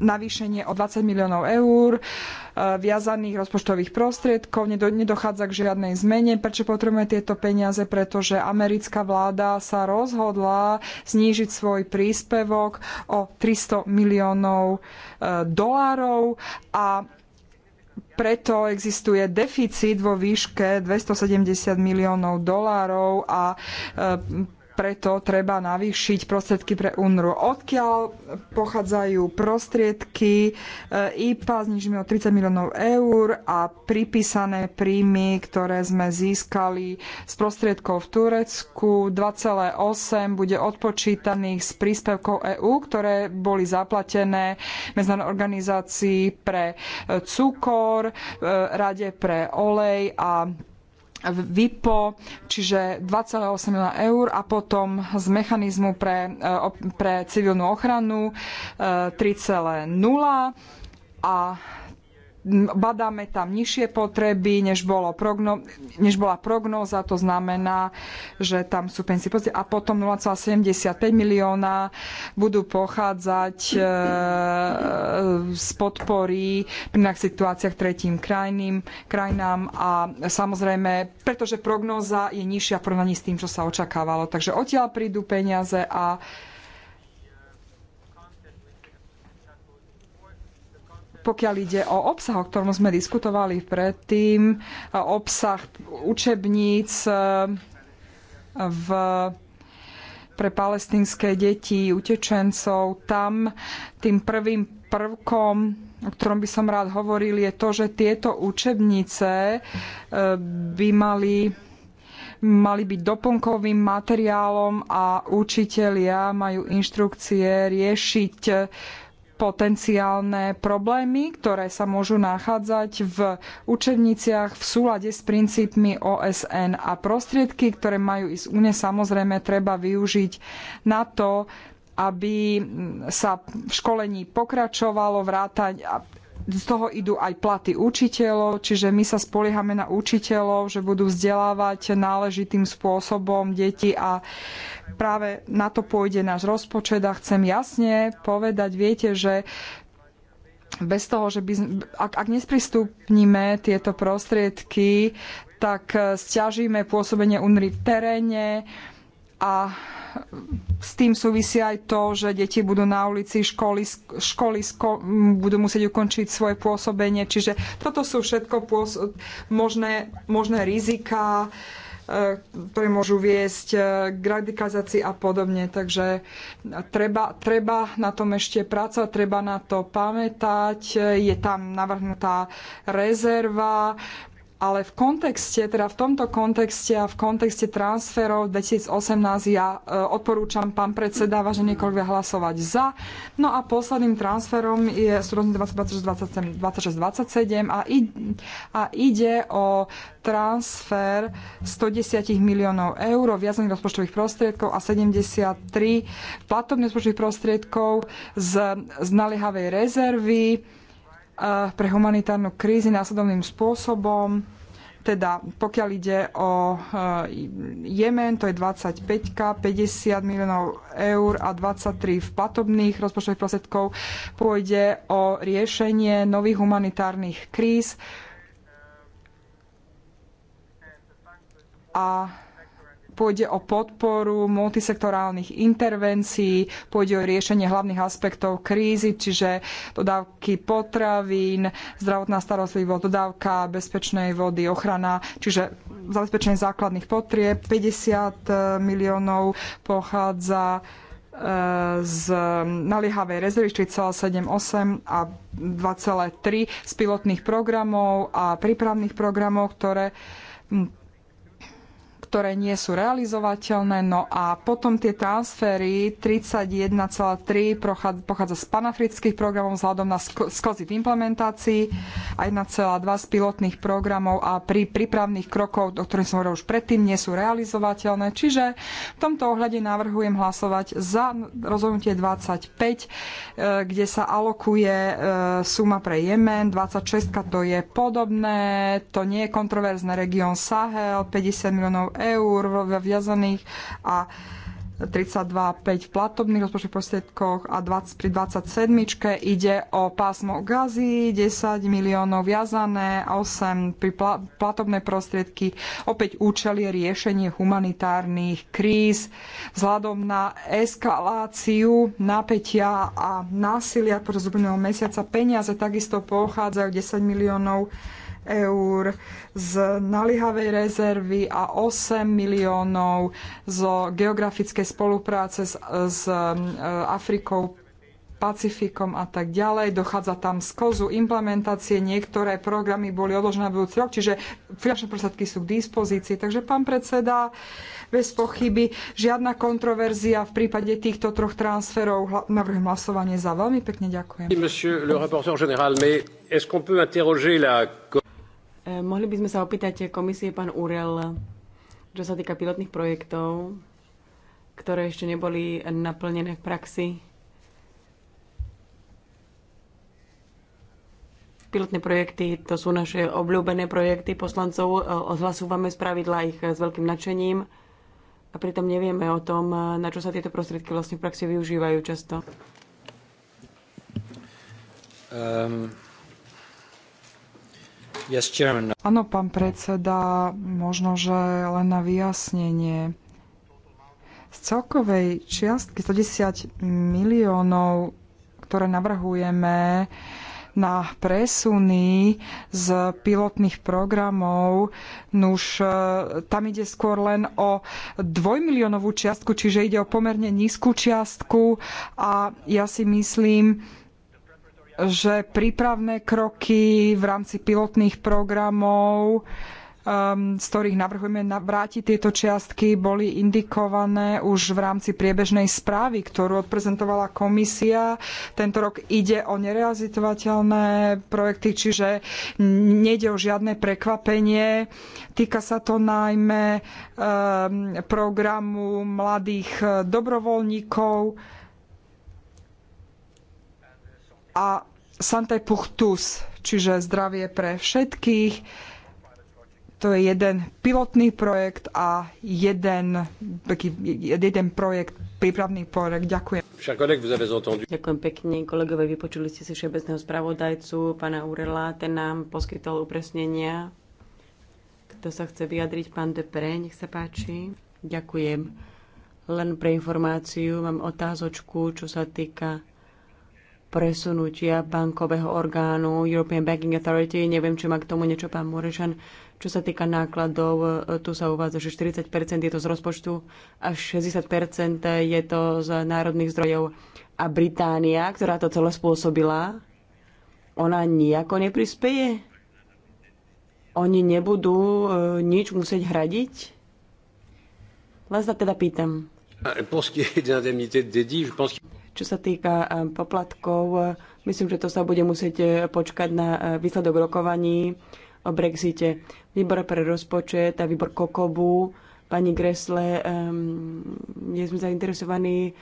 navýšenie o 20 miliónov eur e, viazaných rozpočtových prostriedkov, nedochádza k žiadnej zmene. Prečo potrebujeme tieto peniaze? Pretože americká vláda sa rozhodla znížiť svoj príspevok o 300 miliónov e, dolárov a preto existuje deficit vo výške 270 miliónov dolárov a e, preto treba navýšiť prostriedky pre UNRU. Odkiaľ pochádzajú prostriedky e, IPA, znižíme o 30 miliónov eur a pripísané príjmy, ktoré sme získali z prostriedkov v Turecku, 2,8 bude odpočítaných z príspevkov EÚ, ktoré boli zaplatené medzinárodnej organizácii pre e, cukor, e, Rade pre olej a VIPO, čiže 2,8 milióna eur a potom z mechanizmu pre, e, pre civilnú ochranu 3,0 e, a badáme tam nižšie potreby, než, bolo progno, než bola prognóza, to znamená, že tam sú penzie a potom 0,75 milióna budú pochádzať e, z podpory pri situáciách tretím krajným, krajinám a samozrejme, pretože prognóza je nižšia v porovnaní s tým, čo sa očakávalo. Takže odtiaľ prídu peniaze a pokiaľ ide o obsah, o ktorom sme diskutovali predtým, obsah učebníc e, v, pre palestinské deti, utečencov, tam tým prvým prvkom, o ktorom by som rád hovoril, je to, že tieto učebnice e, by mali mali byť doplnkovým materiálom a učitelia majú inštrukcie riešiť potenciálne problémy, ktoré sa môžu nachádzať v učebniciach v súlade s princípmi OSN a prostriedky, ktoré majú ísť úne samozrejme treba využiť na to, aby sa v školení pokračovalo, vrátať, z toho idú aj platy učiteľov, čiže my sa spoliehame na učiteľov, že budú vzdelávať náležitým spôsobom deti a práve na to pôjde náš rozpočet a chcem jasne povedať, viete, že bez toho, že by, ak, ak nesprístupníme tieto prostriedky, tak stiažíme pôsobenie UNRI v teréne a s tým súvisí aj to, že deti budú na ulici, školy, školy sko- budú musieť ukončiť svoje pôsobenie. Čiže toto sú všetko možné, možné rizika, e, ktoré môžu viesť e, k radikalizácii a podobne. Takže treba, treba na tom ešte pracovať, treba na to pamätať. Je tam navrhnutá rezerva ale v kontexte, teda v tomto kontexte a v kontexte transferov 2018 ja e, odporúčam pán predseda, vážení kolegovia, hlasovať za. No a posledným transferom je 2627 a, a ide o transfer 110 miliónov eur viazaných rozpočtových prostriedkov a 73 platobných rozpočtových prostriedkov z, z naliehavej rezervy pre humanitárnu krízi následovným spôsobom. Teda pokiaľ ide o e, Jemen, to je 25, 50 miliónov eur a 23 v platobných rozpočtových prostriedkov, pôjde o riešenie nových humanitárnych kríz. A pôjde o podporu multisektorálnych intervencií, pôjde o riešenie hlavných aspektov krízy, čiže dodávky potravín, zdravotná starostlivosť, dodávka bezpečnej vody, ochrana, čiže zabezpečenie základných potrieb. 50 e, miliónov pochádza e, z naliehavej rezervy 4,78 a 2,3 z pilotných programov a prípravných programov, ktoré ktoré nie sú realizovateľné. No a potom tie transfery 31,3 pochádza z panafrických programov vzhľadom na sklzy v implementácii a 1,2 z pilotných programov a pri prípravných krokov, o ktorých som hovoril už predtým, nie sú realizovateľné. Čiže v tomto ohľade navrhujem hlasovať za rozhodnutie 25, e, kde sa alokuje e, suma pre Jemen, 26 to je podobné, to nie je kontroverzné, región Sahel, 50 miliónov eur viazaných a 32,5 v platobných rozpočtových prostriedkoch a 20, pri 27 ide o pásmo gazy, 10 miliónov viazané, 8 pri platobné prostriedky. Opäť účel je riešenie humanitárnych kríz vzhľadom na eskaláciu napätia a násilia počas úplného mesiaca. Peniaze takisto pochádzajú 10 miliónov eur z nalihavej rezervy a 8 miliónov zo geografickej spolupráce s, s e, Afrikou Pacifikom a tak ďalej. Dochádza tam z kozu implementácie. Niektoré programy boli odložené na budúci rok, čiže finančné prostriedky sú k dispozícii. Takže pán predseda, bez pochyby, žiadna kontroverzia v prípade týchto troch transferov. Navrhujem hlasovanie za. Veľmi pekne ďakujem. Monsieur le rapporteur général, mais est-ce qu'on peut interroger la Eh, mohli by sme sa opýtať komisie pán Urel, čo sa týka pilotných projektov, ktoré ešte neboli naplnené v praxi. Pilotné projekty to sú naše obľúbené projekty poslancov. Eh, odhlasúvame z pravidla ich s veľkým nadšením a pritom nevieme o tom, eh, na čo sa tieto prostriedky vlastne v praxi využívajú často. Um... Áno, pán predseda, možno, že len na vyjasnenie. Z celkovej čiastky 110 miliónov, ktoré navrhujeme na presuny z pilotných programov, nuž e, tam ide skôr len o dvojmiliónovú čiastku, čiže ide o pomerne nízku čiastku a ja si myslím, že prípravné kroky v rámci pilotných programov, um, z ktorých navrhujeme vrátiť tieto čiastky, boli indikované už v rámci priebežnej správy, ktorú odprezentovala komisia. Tento rok ide o nerealizovateľné projekty, čiže nejde o žiadne prekvapenie. Týka sa to najmä um, programu mladých eh, dobrovoľníkov, a Santé Puchtus, čiže zdravie pre všetkých. To je jeden pilotný projekt a jeden, jeden projekt, prípravný projekt. Ďakujem. Ďakujem pekne, kolegové. Vypočuli ste si všeobecného spravodajcu, pána Urela. Ten nám poskytol upresnenia. Kto sa chce vyjadriť? Pán Depre, nech sa páči. Ďakujem. Len pre informáciu mám otázočku, čo sa týka presunutia bankového orgánu European Banking Authority. Neviem, či má k tomu niečo pán Morešan. Čo sa týka nákladov, tu sa uvádza, že 40 je to z rozpočtu a 60 je to z národných zdrojov. A Británia, ktorá to celé spôsobila, ona nijako neprispieje? Oni nebudú e, nič musieť hradiť? Len sa teda pýtam. Čo sa týka eh, poplatkov, myslím, že to sa bude musieť eh, počkať na eh, výsledok rokovaní o Brexite. Výbor pre rozpočet a výbor Kokobu, pani Gresle, nie ehm, sme zainteresovaní.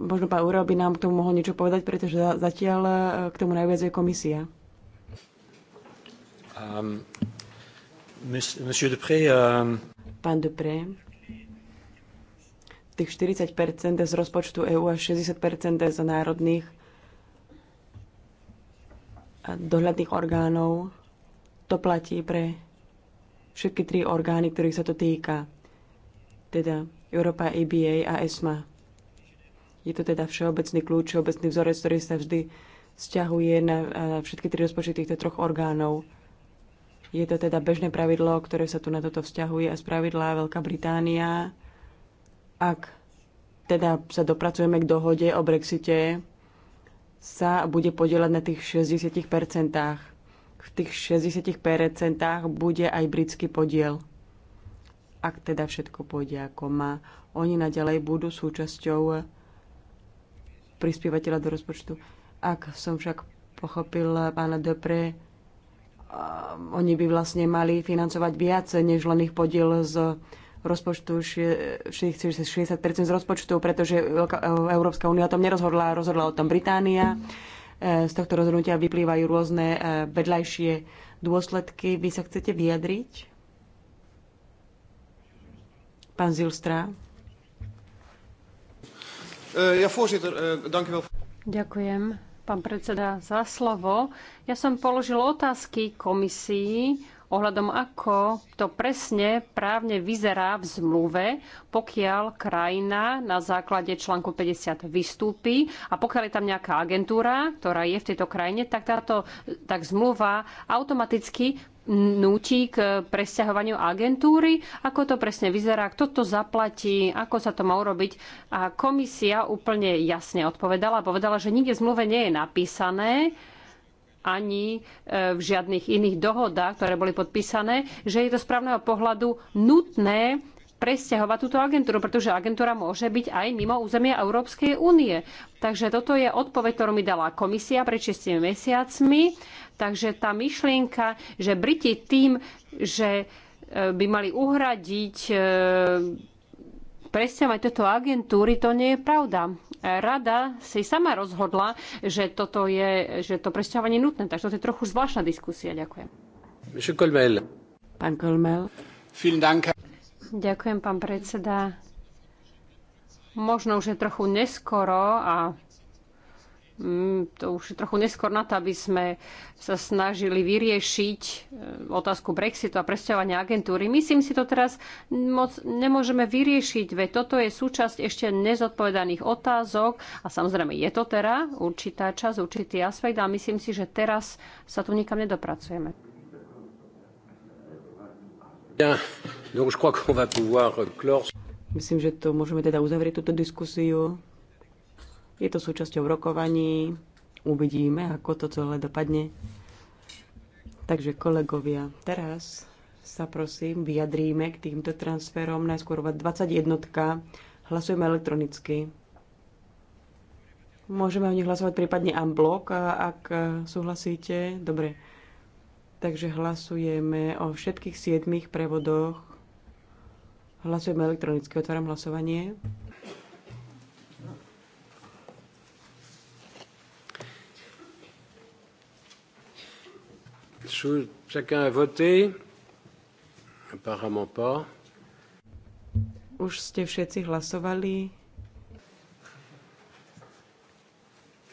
Možno pán Úro by nám k tomu mohol niečo povedať, pretože zatiaľ k tomu najviac je komisia. Um, monsieur Dupré, um... Pán Dupré tých 40 z rozpočtu EÚ a 60 z národných dohľadných orgánov. To platí pre všetky tri orgány, ktorých sa to týka, teda Európa, EBA a ESMA. Je to teda všeobecný kľúč, všeobecný vzorec, ktorý sa vždy vzťahuje na všetky tri rozpočty týchto troch orgánov. Je to teda bežné pravidlo, ktoré sa tu na toto vzťahuje a z pravidla Veľká Británia ak teda sa dopracujeme k dohode o Brexite, sa bude podielať na tých 60 V tých 60 bude aj britský podiel. Ak teda všetko pôjde ako má, oni naďalej budú súčasťou prispievateľa do rozpočtu. Ak som však pochopil pána Dopre, um, oni by vlastne mali financovať viac, než len ich podiel z rozpočtu 60% z rozpočtu, pretože Európska únia o tom nerozhodla, rozhodla o tom Británia. E, z tohto rozhodnutia vyplývajú rôzne e, vedľajšie dôsledky. Vy sa chcete vyjadriť? Pán Zilstra. E, Ďakujem, pán predseda, za slovo. Ja som položil otázky komisii ohľadom, ako to presne právne vyzerá v zmluve, pokiaľ krajina na základe článku 50 vystúpi a pokiaľ je tam nejaká agentúra, ktorá je v tejto krajine, tak táto tak zmluva automaticky núti k presťahovaniu agentúry, ako to presne vyzerá, kto to zaplatí, ako sa to má urobiť. A komisia úplne jasne odpovedala a povedala, že nikde v zmluve nie je napísané, ani e, v žiadnych iných dohodách, ktoré boli podpísané, že je to z právneho pohľadu nutné presťahovať túto agentúru, pretože agentúra môže byť aj mimo územia Európskej únie. Takže toto je odpoveď, ktorú mi dala komisia pred 6 mesiacmi. Takže tá myšlienka, že Briti tým, že e, by mali uhradiť e, presťahovať tieto agentúry, to nie je pravda. Rada si sama rozhodla, že, toto je, že to presťahovanie je nutné, takže to je trochu zvláštna diskusia. Ďakujem. Pán Kolmel. Ďakujem, pán predseda. Možno už je trochu neskoro a Mm, to už je trochu neskôr na to, aby sme sa snažili vyriešiť e, otázku Brexitu a presťahovania agentúry. Myslím si to teraz moc nemôžeme vyriešiť, veď toto je súčasť ešte nezodpovedaných otázok a samozrejme je to teraz určitá časť, určitý aspekt a myslím si, že teraz sa tu nikam nedopracujeme. No myslím, že to môžeme teda uzavrieť túto diskusiu. Je to súčasťou rokovaní. Uvidíme, ako to celé dopadne. Takže kolegovia, teraz sa prosím vyjadríme k týmto transferom. Najskôr 21. Hlasujeme elektronicky. Môžeme o nich hlasovať prípadne unblock, ak súhlasíte. Dobre. Takže hlasujeme o všetkých siedmých prevodoch. Hlasujeme elektronicky. Otváram hlasovanie. Chacun a voté? Apparemment pas. Už ste všetci hlasovali.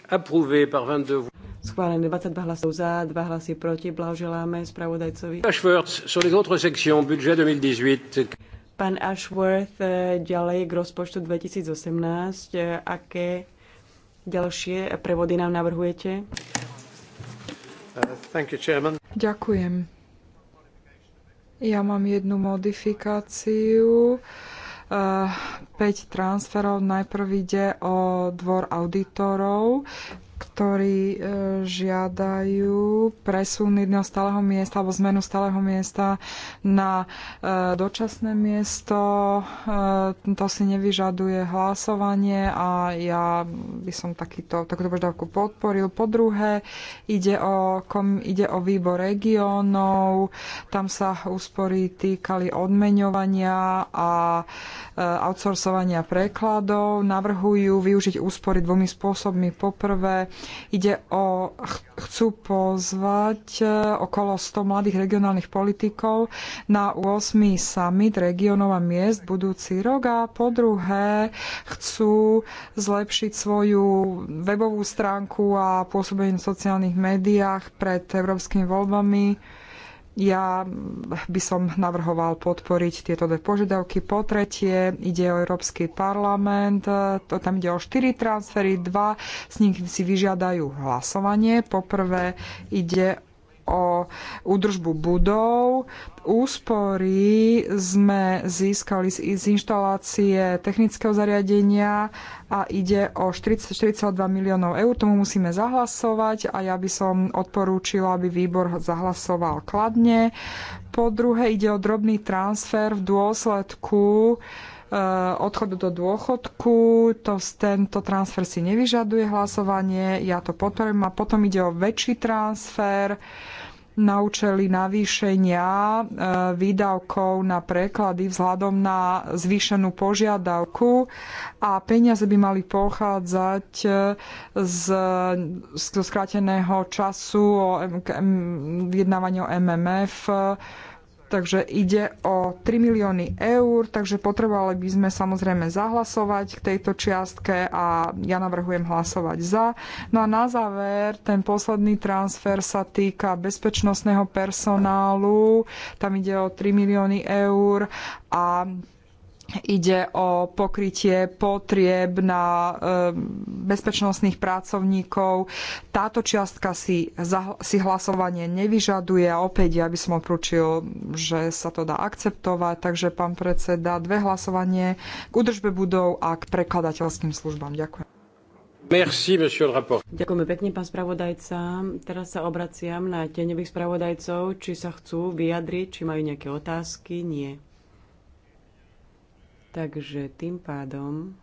Approuvé par 22 Schválené 22 hlasov za, 2 hlasy proti. Blahoželáme spravodajcovi. Ashworth, sur les autres sections, budget 2018. Pán Ashworth, eh, ďalej k rozpočtu 2018. Eh, aké ďalšie prevody nám navrhujete? Uh, you, Ďakujem. Ja mám jednu modifikáciu. 5 eh, transferov. Najprv ide o dvor auditorov ktorí e, žiadajú presun jedného stáleho miesta alebo zmenu stáleho miesta na e, dočasné miesto. E, to si nevyžaduje hlasovanie a ja by som takýto, takúto požiadavku podporil. Po druhé, ide o, kom, ide o výbor regiónov, tam sa úspory týkali odmeňovania a outsourcovania prekladov. Navrhujú využiť úspory dvomi spôsobmi. Poprvé, Ide o, chcú pozvať e, okolo 100 mladých regionálnych politikov na 8. summit regionov a miest budúci rok a po druhé chcú zlepšiť svoju webovú stránku a pôsobenie v sociálnych médiách pred európskymi voľbami ja by som navrhoval podporiť tieto dve požiadavky. Po tretie ide o Európsky parlament, to tam ide o štyri transfery, dva z nich si vyžiadajú hlasovanie. Po prvé ide o údržbu budov. Úspory sme získali z inštalácie technického zariadenia a ide o 42 miliónov eur. Tomu musíme zahlasovať a ja by som odporúčila, aby výbor zahlasoval kladne. Po druhé ide o drobný transfer v dôsledku eh, odchodu do dôchodku. To, tento transfer si nevyžaduje hlasovanie, ja to podporujem. A potom ide o väčší transfer na účely navýšenia e, výdavkov na preklady vzhľadom na zvýšenú požiadavku a peniaze by mali pochádzať e, z, z skráteného času o o MMF Takže ide o 3 milióny eur, takže potrebovali by sme samozrejme zahlasovať k tejto čiastke a ja navrhujem hlasovať za. No a na záver, ten posledný transfer sa týka bezpečnostného personálu, tam ide o 3 milióny eur a Ide o pokrytie potrieb na eh, bezpečnostných pracovníkov. Táto čiastka si, si hlasovanie nevyžaduje a opäť ja by som odporúčil, že sa to dá akceptovať. Takže pán predseda, dve hlasovanie k údržbe budov a k prekladateľským službám. Ďakujem. Merci, Ďakujeme pekne, pán spravodajca. Teraz sa obraciam na tenevých spravodajcov, či sa chcú vyjadriť, či majú nejaké otázky. Nie. Takže tým pádom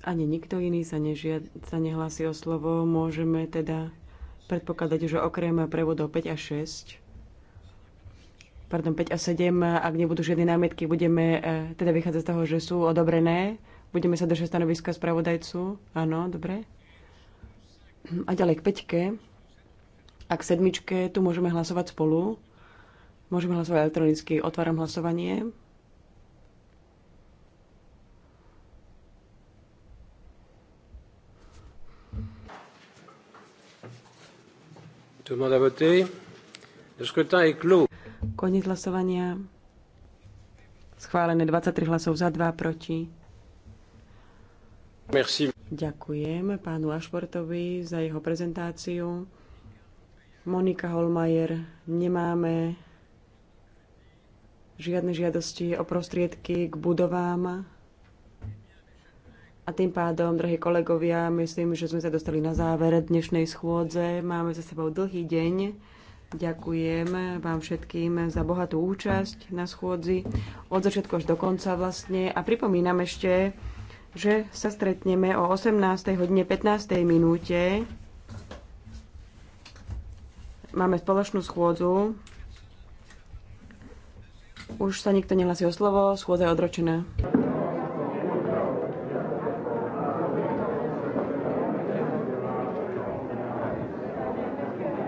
ani nikto iný sa, nežia, sa nehlási o slovo. Môžeme teda predpokladať, že okrem prevodov 5 a 6, pardon, 5 a 7, ak nebudú žiadne námietky, budeme e, teda vychádzať z toho, že sú odobrené. Budeme sa držať stanoviska spravodajcu. Áno, dobre. A ďalej k 5 A k 7 tu môžeme hlasovať spolu. Môžeme hlasovať elektronicky. Otváram hlasovanie. Le scrutin est clos. Koniec hlasovania. Schválené 23 hlasov za, 2 proti. Merci. Ďakujem pánu Ašportovi za jeho prezentáciu. Monika Holmajer, nemáme žiadne žiadosti o prostriedky k budovám a tým pádom, drahí kolegovia, myslím, že sme sa dostali na záver dnešnej schôdze. Máme za sebou dlhý deň. Ďakujem vám všetkým za bohatú účasť na schôdzi od začiatku až do konca vlastne. A pripomínam ešte, že sa stretneme o 18. hodine 15. minúte. Máme spoločnú schôdzu. Už sa nikto nehlasí o slovo, schôdza je odročená.